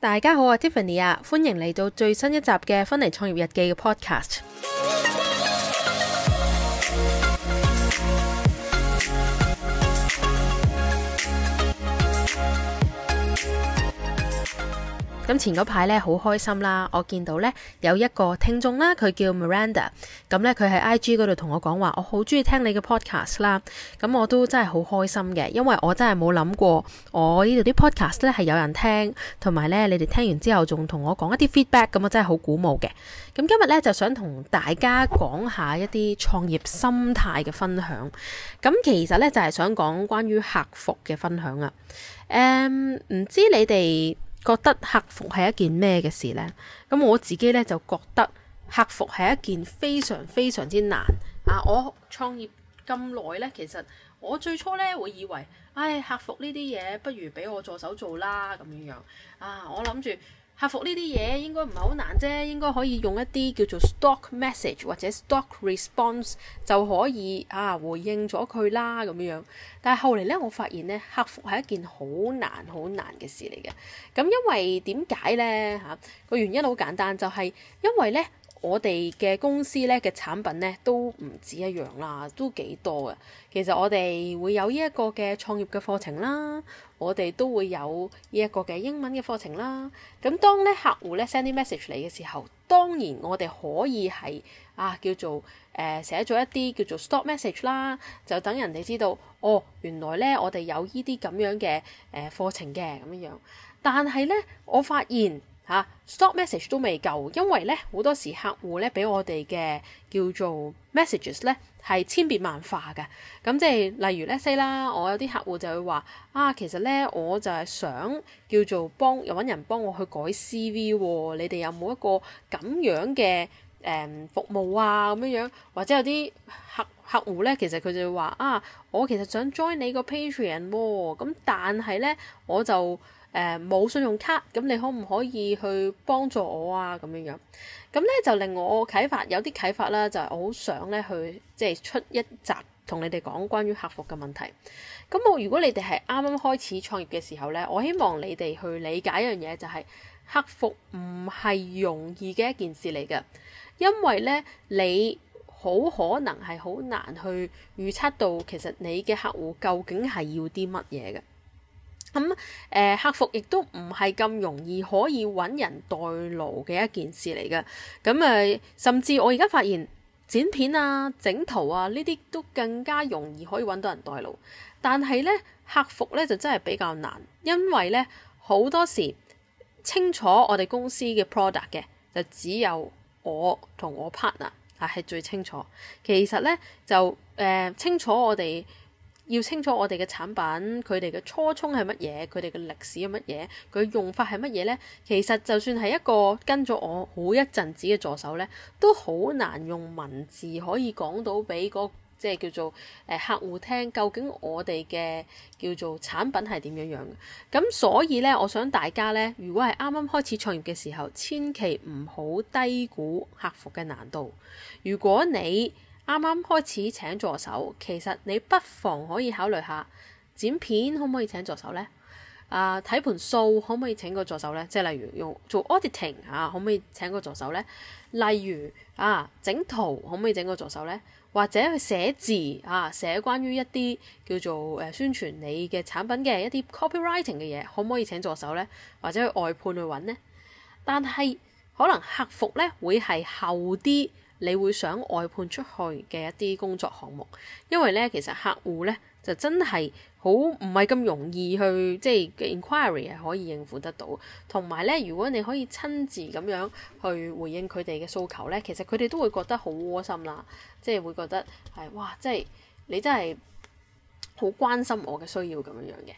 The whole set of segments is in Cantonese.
大家好，我係 Tiffany 啊，歡迎嚟到最新一集嘅《婚禮創業日記》嘅 Podcast。咁前嗰排咧好開心啦，我見到咧有一個聽眾啦，佢叫 Miranda，咁咧佢喺 IG 嗰度同我講，話我好中意聽你嘅 podcast 啦，咁我都真係好開心嘅，因為我真係冇諗過我呢度啲 podcast 咧係有人聽，同埋咧你哋聽完之後仲同我講一啲 feedback，咁我真係好鼓舞嘅。咁今日咧就想同大家講下一啲創業心態嘅分享，咁其實咧就係想講關於客服嘅分享啊，誒、嗯、唔知你哋。覺得客服係一件咩嘅事呢？咁我自己呢，就覺得客服係一件非常非常之難啊！我創業咁耐呢，其實我最初呢會以為，唉、哎，客服呢啲嘢不如俾我助手做啦咁樣樣啊！我諗住。客服呢啲嘢應該唔係好難啫，應該可以用一啲叫做 stock message 或者 stock response 就可以啊回應咗佢啦咁樣。但係後嚟呢，我發現呢，客服係一件好難好難嘅事嚟嘅。咁因為點解呢？嚇個原因好簡單，就係因為呢。我哋嘅公司咧嘅產品咧都唔止一樣啦，都幾多嘅。其實我哋會有呢一個嘅創業嘅課程啦，我哋都會有呢一個嘅英文嘅課程啦。咁當咧客戶咧 send 啲 message 嚟嘅時候，當然我哋可以係啊叫做誒寫咗一啲叫做 stop message 啦，就等人哋知道哦，原來咧我哋有呢啲咁樣嘅誒課程嘅咁樣樣。但係咧，我發現。嚇，stop message 都未夠，因為咧好多時客戶咧俾我哋嘅叫做 messages 咧係千變萬化嘅。咁即係例如咧 say 啦，我有啲客戶就會話啊，其實咧我就係想叫做幫又揾人幫我去改 CV 喎，哦，你哋有冇一個咁樣嘅誒、呃、服務啊咁樣樣？或者有啲客客戶咧，其實佢就會話啊，我其實想 join 你個 Patreon 喎，哦，咁但係咧我就。誒冇、呃、信用卡，咁你可唔可以去幫助我啊？咁樣樣，咁咧就令我啟發，有啲啟發啦，就係、是、我好想咧去即係出一集同你哋講關於客服嘅問題。咁我如果你哋係啱啱開始創業嘅時候咧，我希望你哋去理解一樣嘢、就是，就係客服唔係容易嘅一件事嚟嘅，因為咧你好可能係好難去預測到其實你嘅客戶究竟係要啲乜嘢嘅。咁誒、嗯呃，客服亦都唔係咁容易可以揾人代勞嘅一件事嚟嘅。咁、嗯、誒、呃，甚至我而家發現剪片啊、整圖啊呢啲都更加容易可以揾到人代勞，但係咧客服咧就真係比較難，因為咧好多時清楚我哋公司嘅 product 嘅就只有我同我 partner 係最清楚。其實咧就誒、呃、清楚我哋。要清楚我哋嘅產品，佢哋嘅初衷係乜嘢，佢哋嘅歷史係乜嘢，佢用法係乜嘢呢，其實就算係一個跟咗我好一陣子嘅助手呢，都好難用文字可以講到俾嗰、那個、即係叫做誒客戶聽，究竟我哋嘅叫做產品係點樣樣嘅。咁所以呢，我想大家呢，如果係啱啱開始創業嘅時候，千祈唔好低估客服嘅難度。如果你啱啱開始請助手，其實你不妨可以考慮下剪片可唔可以請助手呢？啊，睇盤數可唔可以請個助手呢？即係例如用做 auditing 啊，可唔可以請個助手呢？例如啊，整圖可唔可以整個助手呢？或者去寫字啊，寫關於一啲叫做誒、呃、宣傳你嘅產品嘅一啲 copywriting 嘅嘢，可唔可以請助手呢？或者去外判去揾呢？但係可能客服呢，會係後啲。你會想外判出去嘅一啲工作項目，因為咧其實客戶咧就真係好唔係咁容易去即係嘅 inquiry 係可以應付得到，同埋咧如果你可以親自咁樣去回應佢哋嘅訴求咧，其實佢哋都會覺得好窩心啦，即係會覺得係哇，即係你真係好關心我嘅需要咁樣樣嘅。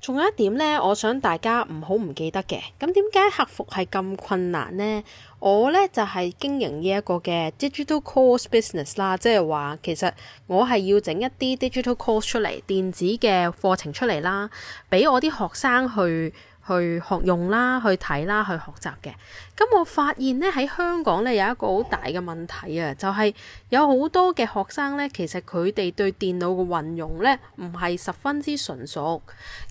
仲有一點呢，我想大家唔好唔記得嘅。咁點解客服係咁困難呢？我呢就係經營呢一個嘅 digital course business 啦，即係話其實我係要整一啲 digital course 出嚟，電子嘅課程出嚟啦，俾我啲學生去。去學用啦，去睇啦，去學習嘅。咁我發現呢，喺香港呢，有一個好大嘅問題啊，就係有好多嘅學生呢，其實佢哋對電腦嘅運用呢，唔係十分之純熟。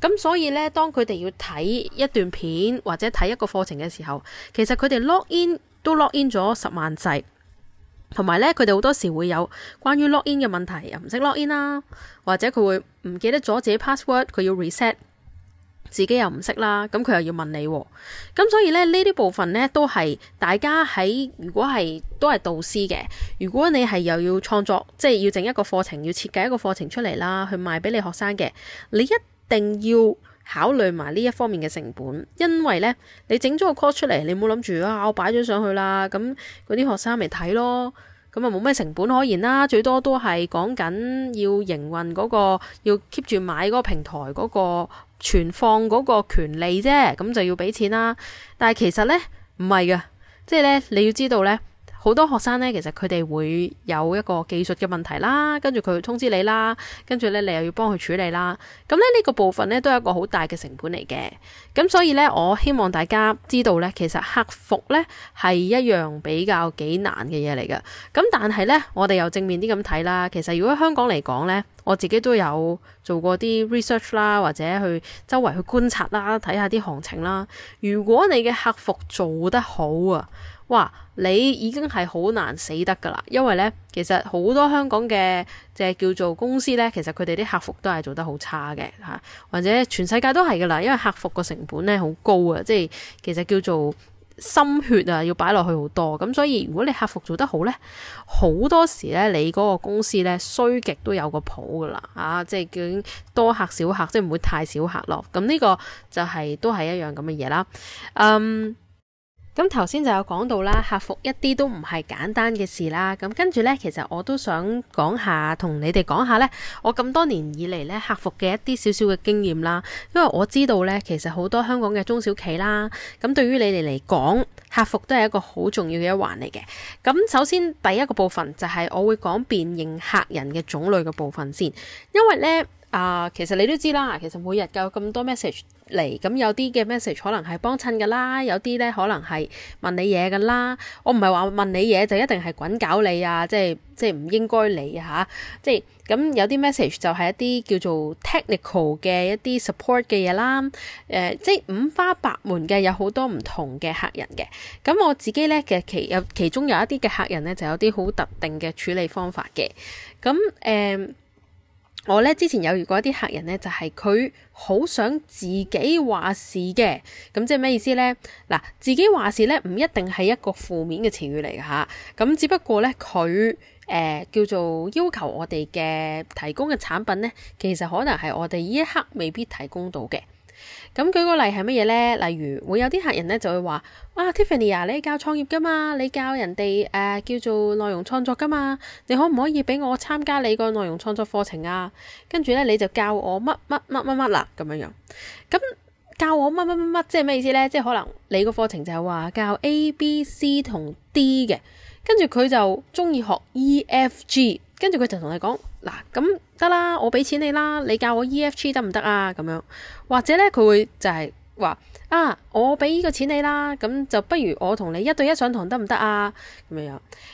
咁所以呢，當佢哋要睇一段片或者睇一個課程嘅時候，其實佢哋 login 都 login 咗十萬次，同埋呢，佢哋好多時會有關於 login 嘅問題，又唔識 login 啦，或者佢會唔記得咗自己 password，佢要 reset。自己又唔識啦，咁佢又要問你咁，所以咧，呢啲部分呢都係大家喺。如果係都係導師嘅，如果你係又要創作，即係要整一個課程，要設計一個課程出嚟啦，去賣俾你學生嘅，你一定要考慮埋呢一方面嘅成本，因為呢，你整咗個 course 出嚟，你冇諗住啊，我擺咗上去啦，咁嗰啲學生咪睇咯，咁啊冇咩成本可言啦，最多都係講緊要營運嗰個，要 keep 住買嗰個平台嗰個。存放嗰個權利啫，咁就要俾錢啦。但係其實咧唔係噶，即係咧你要知道咧。好多學生呢，其實佢哋會有一個技術嘅問題啦，跟住佢通知你啦，跟住咧你又要幫佢處理啦。咁咧呢、呢個部分呢，都係一個好大嘅成本嚟嘅。咁所以呢，我希望大家知道呢，其實客服呢係一樣比較幾難嘅嘢嚟嘅。咁但係呢，我哋又正面啲咁睇啦。其實如果香港嚟講呢，我自己都有做過啲 research 啦，或者去周圍去觀察啦，睇下啲行情啦。如果你嘅客服做得好啊！哇！你已經係好難死得噶啦，因為咧，其實好多香港嘅即係叫做公司咧，其實佢哋啲客服都係做得好差嘅嚇、啊，或者全世界都係噶啦，因為客服個成本咧好高啊，即係其實叫做心血啊，要擺落去好多。咁所以如果你客服做得好咧，好多時咧你嗰個公司咧衰極都有個譜噶啦啊，即係究竟多客少客，即係唔會太少客咯。咁呢個就係、是、都係一樣咁嘅嘢啦。嗯。咁頭先就有講到啦，客服一啲都唔係簡單嘅事啦。咁跟住呢，其實我都想講下，同你哋講下呢。我咁多年以嚟呢，客服嘅一啲少少嘅經驗啦。因為我知道呢，其實好多香港嘅中小企啦，咁對於你哋嚟講，客服都係一個好重要嘅一環嚟嘅。咁首先第一個部分就係我會講辨認客人嘅種類嘅部分先，因為呢，啊、呃，其實你都知啦，其實每日有咁多 message。嚟，咁有啲嘅 message 可能係幫襯㗎啦，有啲咧可能係問你嘢㗎啦。我唔係話問你嘢就一定係滾搞你啊，即係即係唔應該你嚇，即係咁有啲 message 就係一啲叫做 technical 嘅一啲 support 嘅嘢啦。誒、呃，即係五花八門嘅，有好多唔同嘅客人嘅。咁我自己咧嘅其有其中有一啲嘅客人咧，就有啲好特定嘅處理方法嘅。咁誒。呃我咧之前有遇過一啲客人咧，就係佢好想自己話事嘅，咁即係咩意思咧？嗱，自己話事咧唔一定係一個負面嘅詞語嚟㗎吓，咁只不過咧佢誒叫做要求我哋嘅提供嘅產品咧，其實可能係我哋呢一刻未必提供到嘅。咁舉個例係乜嘢呢？例如會有啲客人呢就會話：哇，Tiffany 啊，Tiffany，你教創業噶嘛？你教人哋誒、呃、叫做內容創作噶嘛？你可唔可以俾我參加你個內容創作課程啊？跟住呢，你就教我乜乜乜乜乜啦咁樣樣。咁教我乜乜乜乜即係咩意思呢？即係可能你個課程就係話教 A、B、C 同 D 嘅，跟住佢就中意學 E、F、G。跟住佢就同你講，嗱咁得啦，我俾錢你啦，你教我 EFC 得唔得啊？咁樣或者咧，佢會就係話啊，我俾呢個錢你啦，咁、嗯、就不如我同你一對一上堂得唔得啊？咁樣樣誒、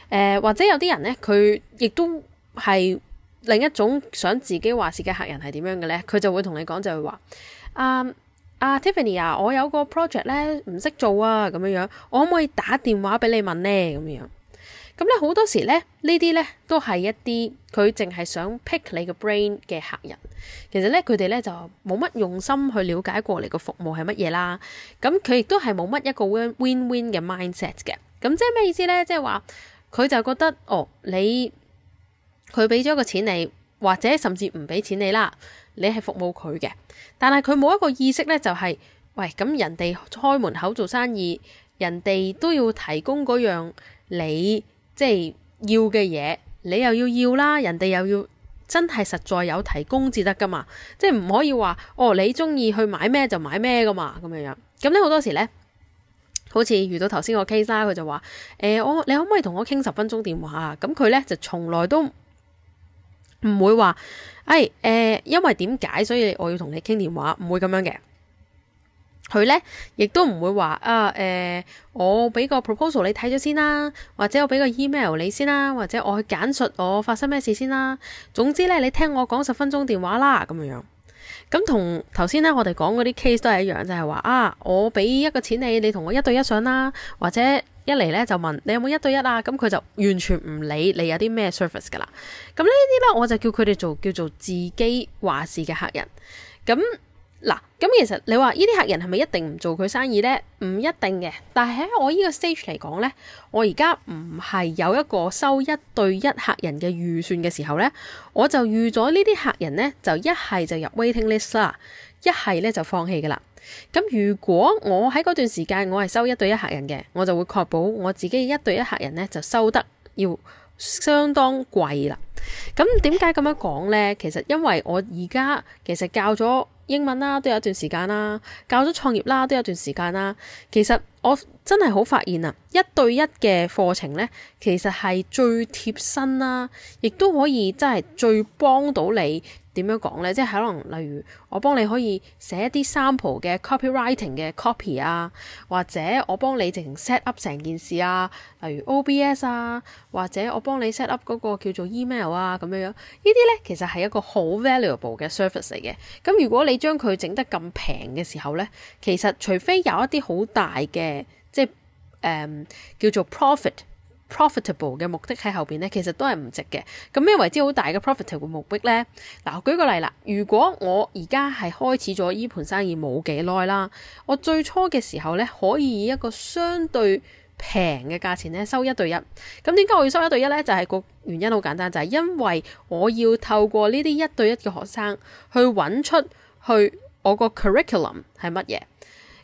呃，或者有啲人咧，佢亦都係另一種想自己話事嘅客人係點樣嘅咧？佢就會同你講就會話啊啊 Tiffany 啊，我有個 project 咧唔識做啊，咁樣樣，我可唔可以打電話俾你問咧？咁樣樣。咁咧好多時咧，呢啲咧都係一啲佢淨係想 pick 你個 brain 嘅客人。其實咧佢哋咧就冇乜用心去了解過你個服務係乜嘢啦。咁佢亦都係冇乜一個 win-win 嘅 mindset 嘅。咁即係咩意思咧？即係話佢就覺得哦，你佢俾咗個錢你，或者甚至唔俾錢你啦，你係服務佢嘅。但係佢冇一個意識咧，就係、是、喂咁人哋開門口做生意，人哋都要提供嗰樣你。即係要嘅嘢，你又要要啦，人哋又要真係實在有提供至得噶嘛。即係唔可以話哦，你中意去買咩就買咩噶嘛，咁樣樣咁咧好多時咧，好似遇到頭先個 case 啦，佢就話誒，我、欸、你可唔可以同我傾十分鐘電話啊？咁佢咧就從來都唔會話誒誒，因為點解所以我要同你傾電話，唔會咁樣嘅。佢呢，亦都唔會話啊，誒、呃，我俾個 proposal 你睇咗先啦，或者我俾個 email 你先啦，或者我去簡述我發生咩事先啦。總之呢，你聽我講十分鐘電話啦，咁樣樣。咁同頭先呢，我哋講嗰啲 case 都係一樣，就係、是、話啊，我俾一個錢你，你同我一對一上啦，或者一嚟呢就問你有冇一對一啊。咁、嗯、佢就完全唔理你有啲咩 service 噶啦。咁呢啲呢，我就叫佢哋做叫做自己話事嘅客人。咁、嗯。嗱，咁其實你話呢啲客人係咪一定唔做佢生意呢？唔一定嘅。但係喺我呢個 stage 嚟講呢，我而家唔係有一個收一對一客人嘅預算嘅時候呢，我就預咗呢啲客人呢，就一係就入 waiting list 啦，一係呢就放棄㗎啦。咁如果我喺嗰段時間我係收一對一客人嘅，我就會確保我自己一對一客人呢，就收得要，相當貴啦，咁點解咁樣講呢？其實因為我而家其實教咗英文啦，都有一段時間啦，教咗創業啦，都有一段時間啦。其實我真係好發現啊，一對一嘅課程呢，其實係最貼身啦，亦都可以真係最幫到你。點樣講咧？即係可能例如我幫你可以寫一啲 sample 嘅 copywriting 嘅 copy 啊，或者我幫你直情 set up 成件事啊，例如 OBS 啊，或者我幫你 set up 嗰個叫做 email 啊咁樣樣。呢啲咧其實係一個好 valuable 嘅 service 嚟嘅。咁如果你將佢整得咁平嘅時候咧，其實除非有一啲好大嘅即係誒、嗯、叫做 profit。profitable 嘅目的喺後邊呢，其實都係唔值嘅。咁咩為之好大嘅 profitable 嘅目的呢？嗱、啊，我舉個例啦，如果我而家係開始咗呢盤生意冇幾耐啦，我最初嘅時候呢，可以以一個相對平嘅價錢呢收一對一。咁點解我要收一對一呢？就係、是、個原因好簡單，就係、是、因為我要透過呢啲一對一嘅學生去揾出去我個 curriculum 係乜嘢，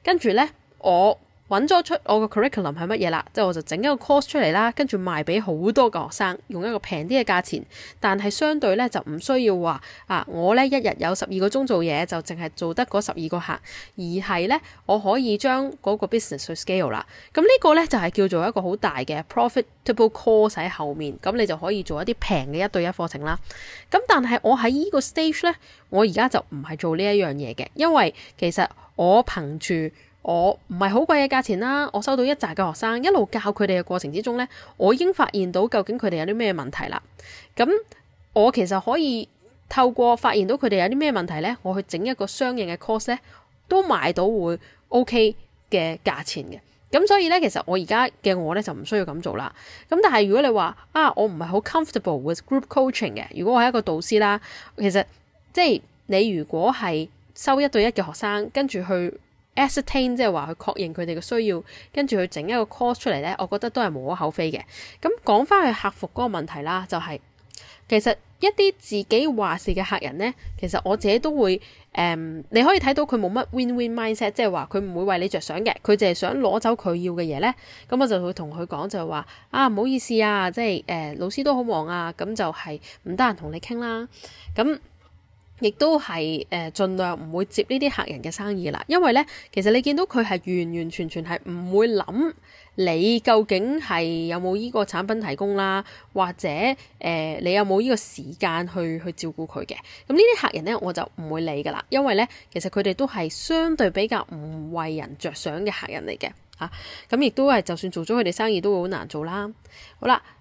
跟住呢，我。揾咗出我個 curriculum 係乜嘢啦，即係我就整一個 course 出嚟啦，跟住賣俾好多個學生，用一個平啲嘅價錢，但係相對咧就唔需要話啊，我咧一日有十二個鐘做嘢就淨係做得嗰十二個客，而係呢，我可以將嗰個 business scale 啦，咁呢個呢，就係叫做一個好大嘅 profitable course 喺後面，咁你就可以做一啲平嘅一對一課程啦。咁但係我喺呢個 stage 呢，我而家就唔係做呢一樣嘢嘅，因為其實我憑住。我唔係好貴嘅價錢啦。我收到一紮嘅學生，一路教佢哋嘅過程之中呢，我已經發現到究竟佢哋有啲咩問題啦。咁我其實可以透過發現到佢哋有啲咩問題呢，我去整一個相應嘅 course 呢，都賣到會 OK 嘅價錢嘅。咁所以呢，其實我而家嘅我呢，就唔需要咁做啦。咁但係如果你話啊，我唔係好 comfortable with group coaching 嘅，如果我係一個導師啦，其實即係你如果係收一對一嘅學生，跟住去。Ascertain 即係話去確認佢哋嘅需要，跟住去整一個 course 出嚟咧，我覺得都係無可厚非嘅。咁講翻去客服嗰個問題啦，就係、是、其實一啲自己話事嘅客人咧，其實我自己都會誒、嗯，你可以睇到佢冇乜 win-win mindset，即係話佢唔會為你着想嘅，佢淨係想攞走佢要嘅嘢咧。咁我就會同佢講就係、是、話啊，唔好意思啊，即係誒、呃、老師都好忙啊，咁就係唔得閒同你傾啦。咁亦都係誒，呃、盡量唔會接呢啲客人嘅生意啦，因為咧，其實你見到佢係完完全全係唔會諗你究竟係有冇依個產品提供啦，或者誒、呃，你有冇依個時間去去照顧佢嘅。咁呢啲客人咧，我就唔會理噶啦，因為咧，其實佢哋都係相對比較唔為人着想嘅客人嚟嘅嚇。咁、啊嗯、亦都係就算做咗佢哋生意，都會好難做啦。好啦。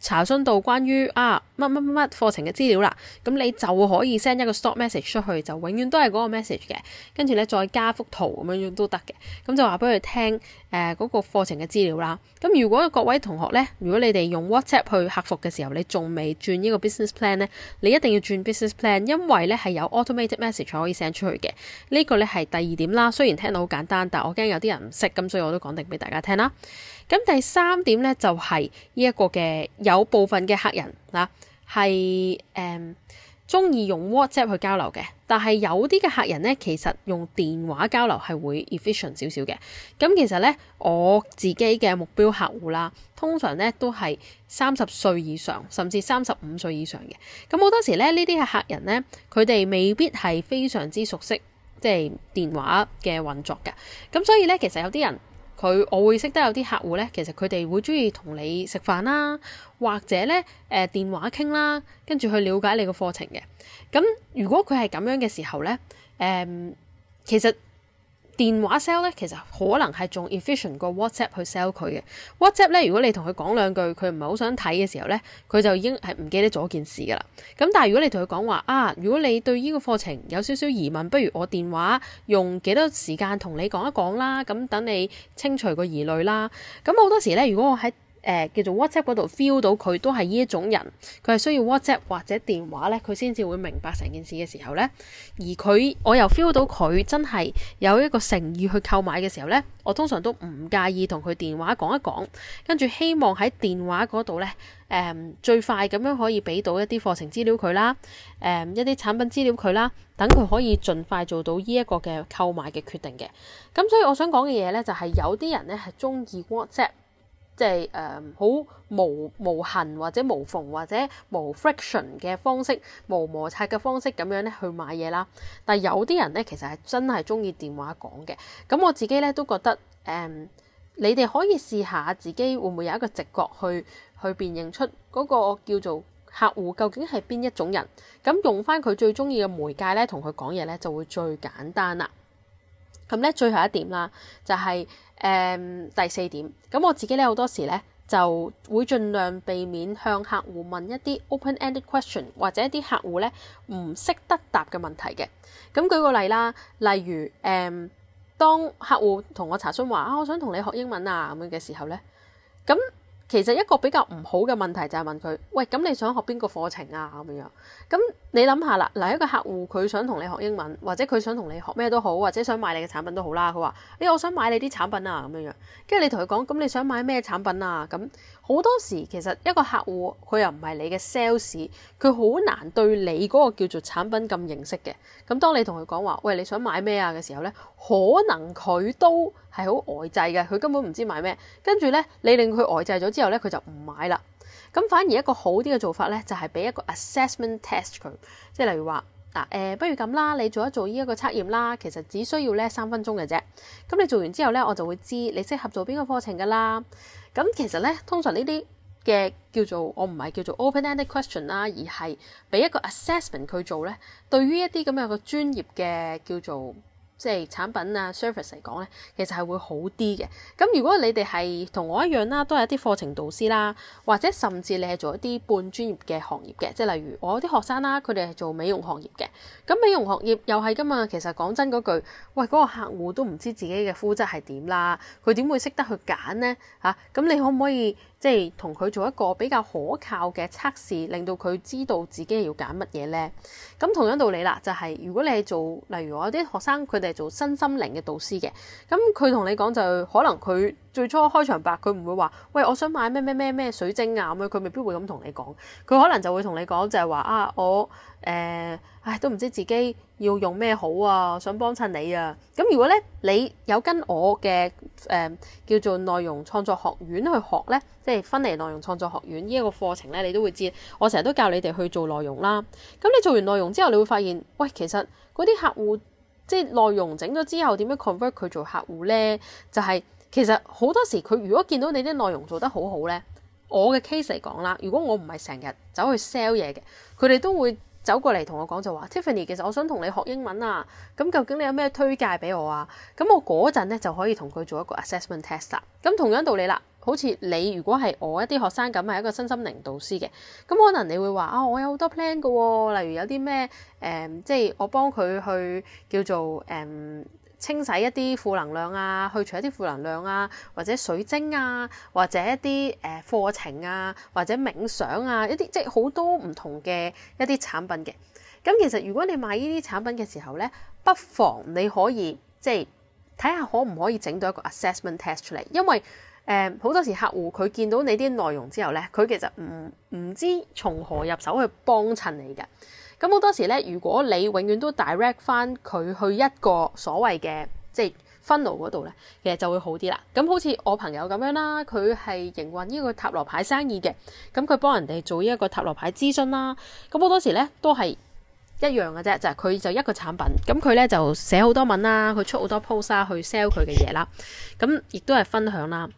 查詢到關於啊乜乜乜課程嘅資料啦，咁你就可以 send 一個 stop message 出去，就永遠都係嗰個 message 嘅。跟住咧再加幅圖咁樣都得嘅。咁就話俾佢聽，誒、呃、嗰、那個課程嘅資料啦。咁如果各位同學咧，如果你哋用 WhatsApp 去客服嘅時候，你仲未轉個呢個 business plan 咧，你一定要轉 business plan，因為咧係有 automated message 可以 send 出去嘅。這個、呢個咧係第二點啦。雖然聽到好簡單，但我驚有啲人唔識，咁所以我都講定俾大家聽啦。咁第三點咧，就係呢一個嘅有部分嘅客人啦，係誒中意用 WhatsApp 去交流嘅。但係有啲嘅客人咧，其實用電話交流係會 efficient 少少嘅。咁其實咧，我自己嘅目標客戶啦，通常咧都係三十歲以上，甚至三十五歲以上嘅。咁好多時咧，呢啲嘅客人咧，佢哋未必係非常之熟悉即係電話嘅運作嘅。咁所以咧，其實有啲人。佢我會識得有啲客戶咧，其實佢哋會鍾意同你食飯啦，或者咧誒、呃、電話傾啦，跟住去了解你個課程嘅。咁、嗯、如果佢係咁樣嘅時候咧，誒、嗯、其實。電話 sell 咧，其實可能係仲 efficient 過 WhatsApp 去 sell 佢嘅。WhatsApp 咧，如果你同佢講兩句，佢唔係好想睇嘅時候咧，佢就已經係唔記得咗件事噶啦。咁但係如果你同佢講話啊，如果你對呢個課程有少少疑問，不如我電話用幾多時間同你講一講啦，咁等你清除個疑慮啦。咁好多時咧，如果我喺誒、呃、叫做 WhatsApp 嗰度 feel 到佢都係呢一種人，佢係需要 WhatsApp 或者電話咧，佢先至會明白成件事嘅時候咧。而佢我又 feel 到佢真係有一個誠意去購買嘅時候咧，我通常都唔介意同佢電話講一講，跟住希望喺電話嗰度咧，誒、嗯、最快咁樣可以俾到一啲課程資料佢啦，誒、嗯、一啲產品資料佢啦，等佢可以盡快做到呢一個嘅購買嘅決定嘅。咁所以我想講嘅嘢咧，就係、是、有啲人咧係中意 WhatsApp。即係誒好無無痕或者無縫或者無 friction 嘅方式，無摩擦嘅方式咁樣咧去買嘢啦。但係有啲人咧其實係真係中意電話講嘅。咁我自己咧都覺得誒、嗯，你哋可以試下自己會唔會有一個直覺去去辨認出嗰個叫做客戶究竟係邊一種人。咁用翻佢最中意嘅媒介咧，同佢講嘢咧就會最簡單啦。咁咧最後一點啦，就係、是、誒、嗯、第四點。咁我自己咧好多時咧就會盡量避免向客戶問一啲 open-ended question 或者一啲客戶咧唔識得答嘅問題嘅。咁舉個例啦，例如誒、嗯、當客戶同我查詢話啊，我想同你學英文啊咁樣嘅時候咧，咁。其實一個比較唔好嘅問題就係問佢，喂，咁你想學邊個課程啊？咁樣樣，咁你諗下啦，嗱，一個客戶佢想同你學英文，或者佢想同你學咩都好，或者想買你嘅產品都好啦。佢話：哎，我想買你啲產品啊咁樣樣，跟住你同佢講：咁你想買咩產品啊？咁好多時其實一個客戶佢又唔係你嘅 sales，佢好難對你嗰個叫做產品咁認識嘅。咁當你同佢講話，喂，你想買咩啊嘅時候呢，可能佢都係好呆滯嘅，佢根本唔知買咩。跟住呢，你令佢呆滯咗之後呢，佢就唔買啦。咁反而一個好啲嘅做法呢，就係、是、俾一個 assessment test 佢，即係例如話嗱，誒、呃、不如咁啦，你做一做呢一個測驗啦，其實只需要呢三分鐘嘅啫。咁你做完之後呢，我就會知你適合做邊個課程㗎喇。咁其實咧，通常呢啲嘅叫做我唔係叫做 open-ended question 啦，而係俾一個 assessment 佢做咧。對於一啲咁樣嘅專業嘅叫做。即係產品啊，service 嚟講咧，其實係會好啲嘅。咁如果你哋係同我一樣啦，都係一啲課程導師啦，或者甚至你係做一啲半專業嘅行業嘅，即係例如我啲學生啦、啊，佢哋係做美容行業嘅。咁美容行業又係㗎嘛，其實講真嗰句，喂，嗰、嗰個客戶都唔知自己嘅膚質係點啦，佢點會識得去揀咧？嚇、啊，咁你可唔可以？即係同佢做一個比較可靠嘅測試，令到佢知道自己要揀乜嘢咧。咁同樣道理啦、就係，就係如果你係做，例如我啲學生，佢哋係做身心靈嘅導師嘅，咁佢同你講就係、可能佢。最初開場白，佢唔會話：喂，我想買咩咩咩咩水晶啊咁樣。佢未必會咁同你講，佢可能就會同你講就係話啊，我誒、呃，唉，都唔知自己要用咩好啊，想幫襯你啊。咁如果咧，你有跟我嘅誒、呃、叫做內容創作學院去學咧，即係分嚟內容創作學院呢一個課程咧，你都會知我成日都教你哋去做內容啦。咁你做完內容之後，你會發現，喂，其實嗰啲客戶即係內容整咗之後，點樣 convert 佢做客戶咧？就係。其實好多時佢如果見到你啲內容做得好好咧，我嘅 case 嚟講啦，如果我唔係成日走去 sell 嘢嘅，佢哋都會走過嚟同我講就話：Tiffany，其實我想同你學英文啊，咁究竟你有咩推介俾我啊？咁我嗰陣咧就可以同佢做一個 assessment test 啦。咁同樣道理啦，好似你如果係我一啲學生咁係一個身心靈導師嘅，咁可能你會話啊，我有好多 plan 嘅喎、哦，例如有啲咩誒，即係我幫佢去叫做誒。嗯清洗一啲負能量啊，去除一啲負能量啊，或者水晶啊，或者一啲誒課程啊，或者冥想啊，一啲即係好多唔同嘅一啲產品嘅。咁其實如果你買呢啲產品嘅時候咧，不妨你可以即係睇下可唔可以整到一個 assessment test 出嚟，因為誒好多時客戶佢見到你啲內容之後咧，佢其實唔唔知從何入手去幫襯你嘅。咁好多時咧，如果你永遠都 direct 翻佢去一個所謂嘅即係 funnel 嗰度咧，其實就會好啲啦。咁好似我朋友咁樣啦，佢係營運呢個塔羅牌生意嘅，咁佢幫人哋做呢一個塔羅牌諮詢啦。咁好多時咧都係一樣嘅啫，就係、係、佢就一個產品，咁佢咧就寫好多文啦，佢出好多 post 去 sell 佢嘅嘢啦。咁亦都係分享啦。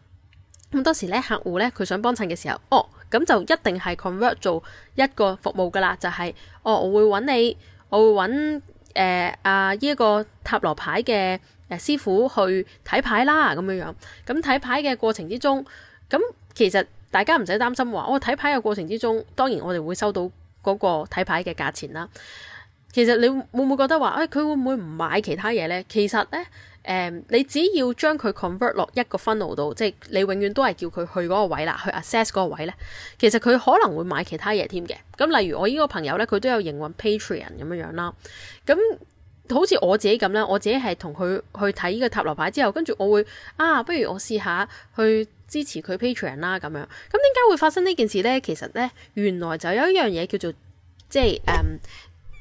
咁當時咧，客戶咧佢想幫襯嘅時候，哦。咁就一定係 convert 做一個服務噶啦，就係、是、哦，我會揾你，我會揾誒、呃、啊呢一、這個塔羅牌嘅誒師傅去睇牌啦，咁樣樣咁睇牌嘅過程之中，咁、嗯、其實大家唔使擔心話，我、哦、睇牌嘅過程之中，當然我哋會收到嗰個睇牌嘅價錢啦。其實你會唔會覺得話誒佢會唔會唔買其他嘢呢？其實呢。誒，um, 你只要將佢 convert 落一個 funnel 度，即係你永遠都係叫佢去嗰個位啦，去 assess 嗰個位咧。其實佢可能會買其他嘢添嘅。咁例如我呢個朋友咧，佢都有營運 Patreon 咁樣樣啦。咁好似我自己咁啦，我自己係同佢去睇呢個塔羅牌之後，跟住我會啊，不如我試下去支持佢 Patreon 啦咁樣。咁點解會發生呢件事咧？其實咧，原來就有一樣嘢叫做即係誒。Um,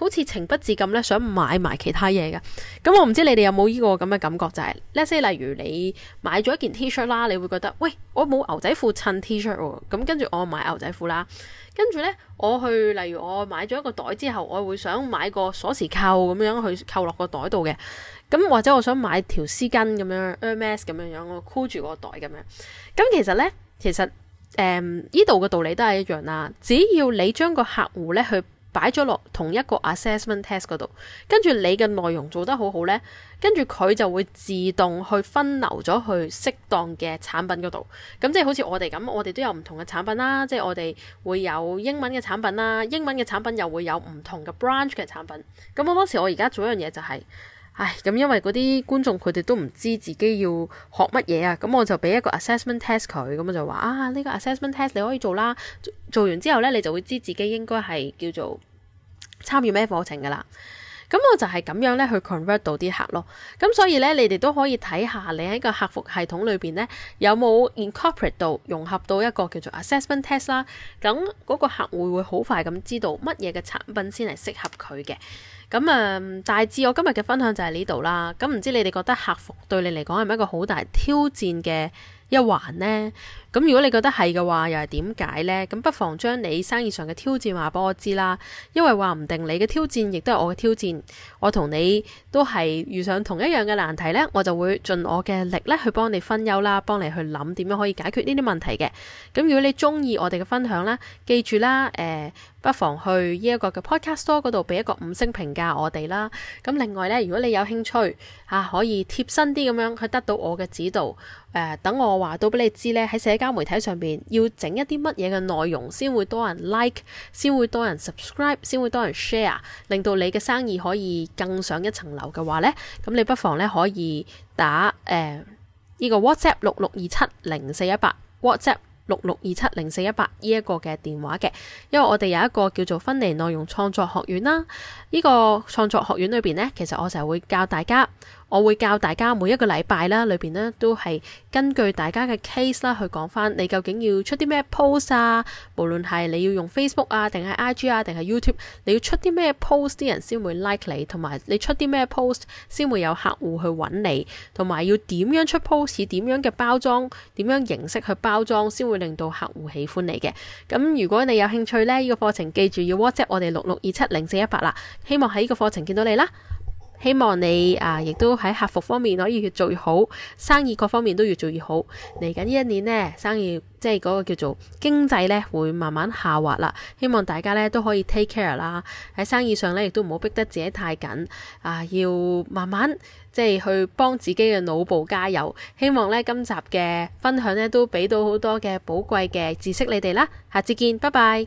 好似情不自禁咧，想買埋其他嘢嘅。咁我唔知你哋有冇呢個咁嘅感覺，就係 let say 例如你買咗一件 T 恤啦，你會覺得喂，我冇牛仔褲襯 T 恤喎。咁跟住我買牛仔褲啦。跟住咧，我去例如我買咗一個袋之後，我會想買個鎖匙扣咁樣去扣落個袋度嘅。咁或者我想買條絲巾咁樣，Hermès 咁樣樣，我箍住嗰個袋咁樣。咁其實咧，其實誒依度嘅道理都係一樣啦。只要你將個客戶咧去。擺咗落同一個 assessment test 嗰度，跟住你嘅內容做得好好呢，跟住佢就會自動去分流咗去適當嘅產品嗰度。咁即係好似我哋咁，我哋都有唔同嘅產品啦，即係我哋會有英文嘅產品啦，英文嘅產品又會有唔同嘅 branch 嘅產品。咁我當時我而家做一樣嘢就係。唉，咁因為嗰啲觀眾佢哋都唔知自己要學乜嘢啊，咁我就俾一個 assessment test 佢，咁我就話啊，呢個 assessment test 你可以做啦，做完之後呢，你就會知自己應該係叫做參與咩課程噶啦。咁我就係咁樣呢去 convert 到啲客咯。咁所以呢，你哋都可以睇下你喺個客服系統裏邊呢，有冇 incorporate 到融合到一個叫做 assessment test 啦。咁嗰個客戶會好快咁知道乜嘢嘅產品先係適合佢嘅。咁啊，大致我今日嘅分享就係呢度啦。咁唔知你哋覺得客服對你嚟講係咪一個好大挑戰嘅一環呢？咁如果你覺得係嘅話，又係點解呢？咁不妨將你生意上嘅挑戰話俾我知啦，因為話唔定你嘅挑戰亦都係我嘅挑戰，我同你都係遇上同一樣嘅難題呢，我就會盡我嘅力咧去幫你分憂啦，幫你去諗點樣可以解決呢啲問題嘅。咁如果你中意我哋嘅分享咧，記住啦，誒、呃，不妨去依一個嘅 Podcast Store 嗰度俾一個五星評價我哋啦。咁另外呢，如果你有興趣嚇、啊，可以貼身啲咁樣去得到我嘅指導，誒、啊，等我話到俾你知呢。喺社社交媒體上邊要整一啲乜嘢嘅內容，先會多人 like，先會多人 subscribe，先會多人 share，令到你嘅生意可以更上一層樓嘅話呢。咁你不妨咧可以打誒呢、呃這個 WhatsApp 六六二七零四一八，WhatsApp 六六二七零四一八呢一個嘅電話嘅，因為我哋有一個叫做分離內容創作學院啦，呢、這個創作學院裏邊呢，其實我成日會教大家。我會教大家每一個禮拜啦，裏邊呢都係根據大家嘅 case 啦去講翻，你究竟要出啲咩 post 啊？無論係你要用 Facebook 啊，定係 IG 啊，定係 YouTube，你要出啲咩 post，啲人先會 like 你，同埋你出啲咩 post 先會有客戶去揾你，同埋要點樣出 post，點樣嘅包裝，點樣形式去包裝，先會令到客戶喜歡你嘅。咁如果你有興趣呢，呢個課程記住要 WhatsApp 我哋六六二七零四一八啦，希望喺呢個課程見到你啦。希望你啊，亦都喺客服方面可以越做越好，生意各方面都越做越好。嚟緊呢一年呢，生意即係嗰個叫做經濟呢，會慢慢下滑啦。希望大家呢都可以 take care 啦，喺生意上呢，亦都唔好逼得自己太緊啊，要慢慢即係、就是、去幫自己嘅腦部加油。希望呢今集嘅分享呢，都俾到好多嘅寶貴嘅知識你哋啦。下次見，拜拜。